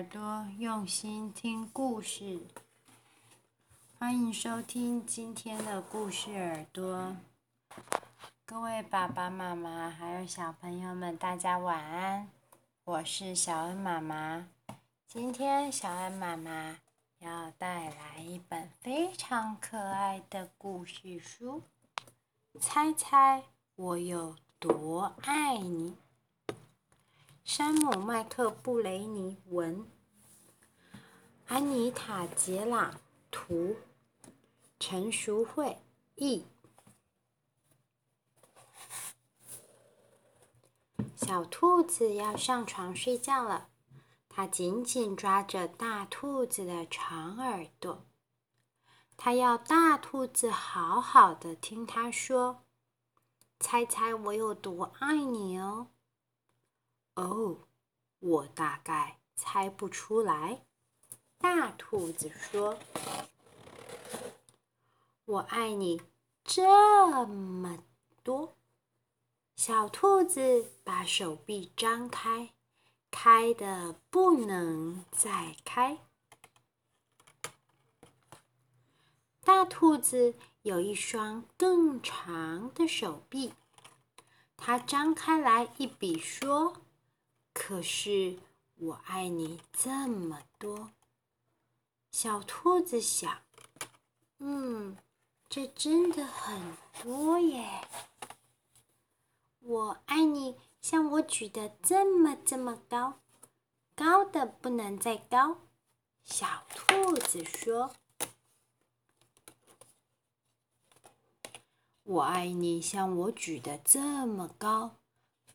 耳朵，用心聽故事。歡迎收聽今天的故事。耳朵，各位爸爸媽媽還有小朋友們，大家晚安。我是小恩媽媽，今天小恩媽媽要帶來一本非常可愛的故事書。猜猜我有多愛你？山姆·麥克布雷尼文，安妮塔·傑拉圖，陳淑慧譯。小兔子要上床睡覺了，它緊緊抓着大兔子的長耳朵，它要大兔子好好的聽它說：“猜猜我有多愛你哦。”哦，oh, 我大概猜不出來。大兔子說：“我愛你這麼多。”小兔子把手臂張開，開得不能再開。大兔子有一雙更長的手臂，它張開來一比說。可是我愛你這麼多，小兔子想，嗯，這真的很多耶。我愛你像我舉得這麼這麼高，高的不能再高。小兔子說：“我愛你像我舉得這麼高。”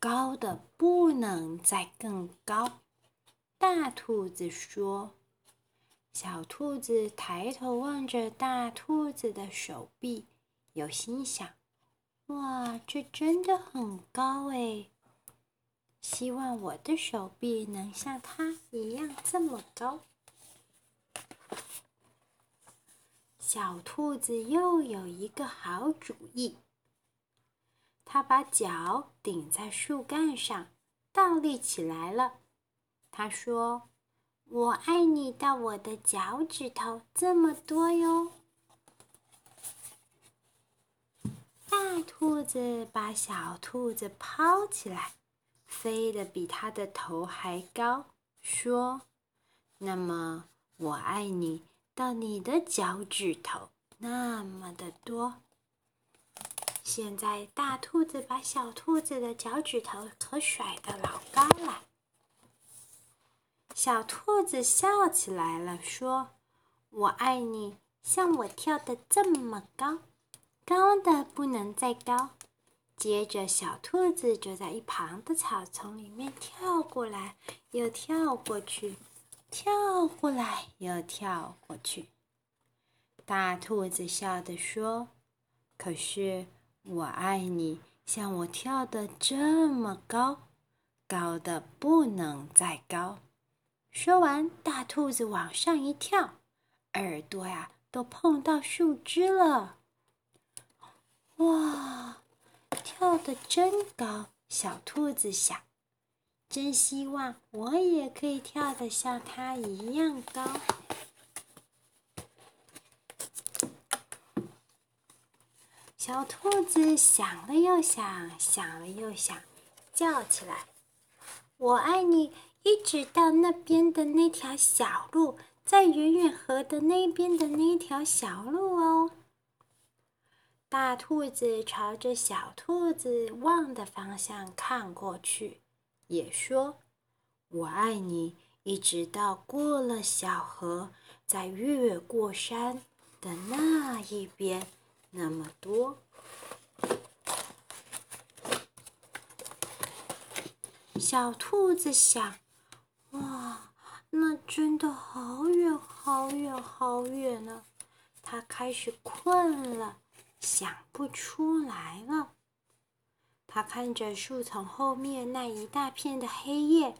高的不能再更高，大兔子說。小兔子抬頭望着大兔子的手臂，有心想：“哇，這真的很高哎！希望我的手臂能像它一樣這麼高。”小兔子又有一個好主意。他把腳頂在樹幹上，倒立起來了。他說：“我愛你到我的腳趾頭這麼多喲。”大兔子把小兔子拋起來，飛得比它的頭還高，說：“那麼我愛你到你的腳趾頭那麼的多。”現在，大兔子把小兔子的腳趾頭可甩得老高了。小兔子笑起來了，說：“我愛你，像我跳得這麼高，高得不能再高。”接着，小兔子就在一旁的草叢裡面跳過來，又跳過去，跳過來又跳過去。大兔子笑着說：“可是。”我愛你，像我跳得這麼高，高的不能再高。說完，大兔子往上一跳，耳朵呀、啊、都碰到樹枝了。哇，跳得真高！小兔子想，真希望我也可以跳得像它一樣高。小兔子想了又想，想了又想，叫起來：“我愛你，一直到那邊的那條小路，在遠遠河的那邊的那條小路哦。”大兔子朝着小兔子望的方向看過去，也說：“我愛你，一直到過了小河，再越過山的那一邊。”那麼多，小兔子想：“哇，那真的好遠好遠好遠呢、啊！”它開始睏了，想不出來了。它看着樹叢後面那一大片的黑夜，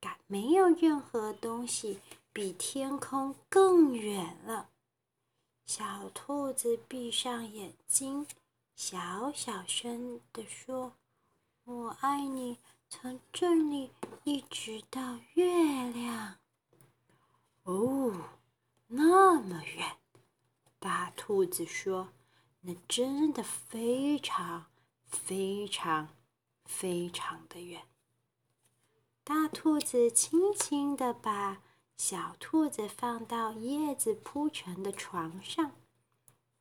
感沒有任何東西比天空更遠了。小兔子閉上眼睛，小小聲的說：“我愛你，從這裡一直到月亮。”哦，那麼遠！大兔子說：“那真的非常、非常、非常的遠。”大兔子輕輕的把小兔子放到葉子鋪成的床上，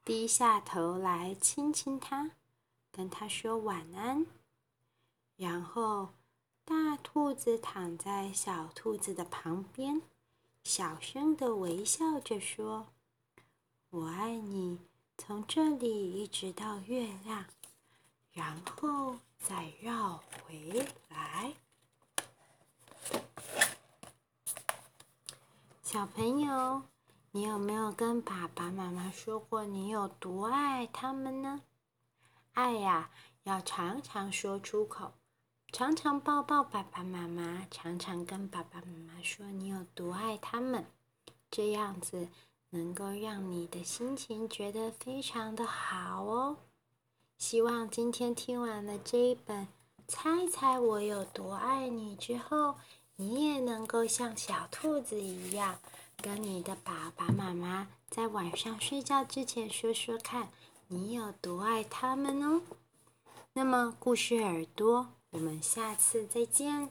低下頭來親親它，跟它說晚安。然後，大兔子躺在小兔子的旁邊，小聲的微笑着說：“我愛你，從這裡一直到月亮，然後再繞回來。”小朋友，你有沒有跟爸爸媽媽說過你有多愛他們呢？愛呀、啊，要常常說出口，常常抱抱爸爸媽媽，常常跟爸爸媽媽說你有多愛他們，這樣子能夠讓你的心情覺得非常的好哦。希望今天聽完了這一本《猜猜我有多愛你》之後，你也能夠像小兔子一樣，跟你的爸爸媽媽在晚上睡覺之前說說看，你有多愛他們哦。那麼，故事耳朵，我們下次再見。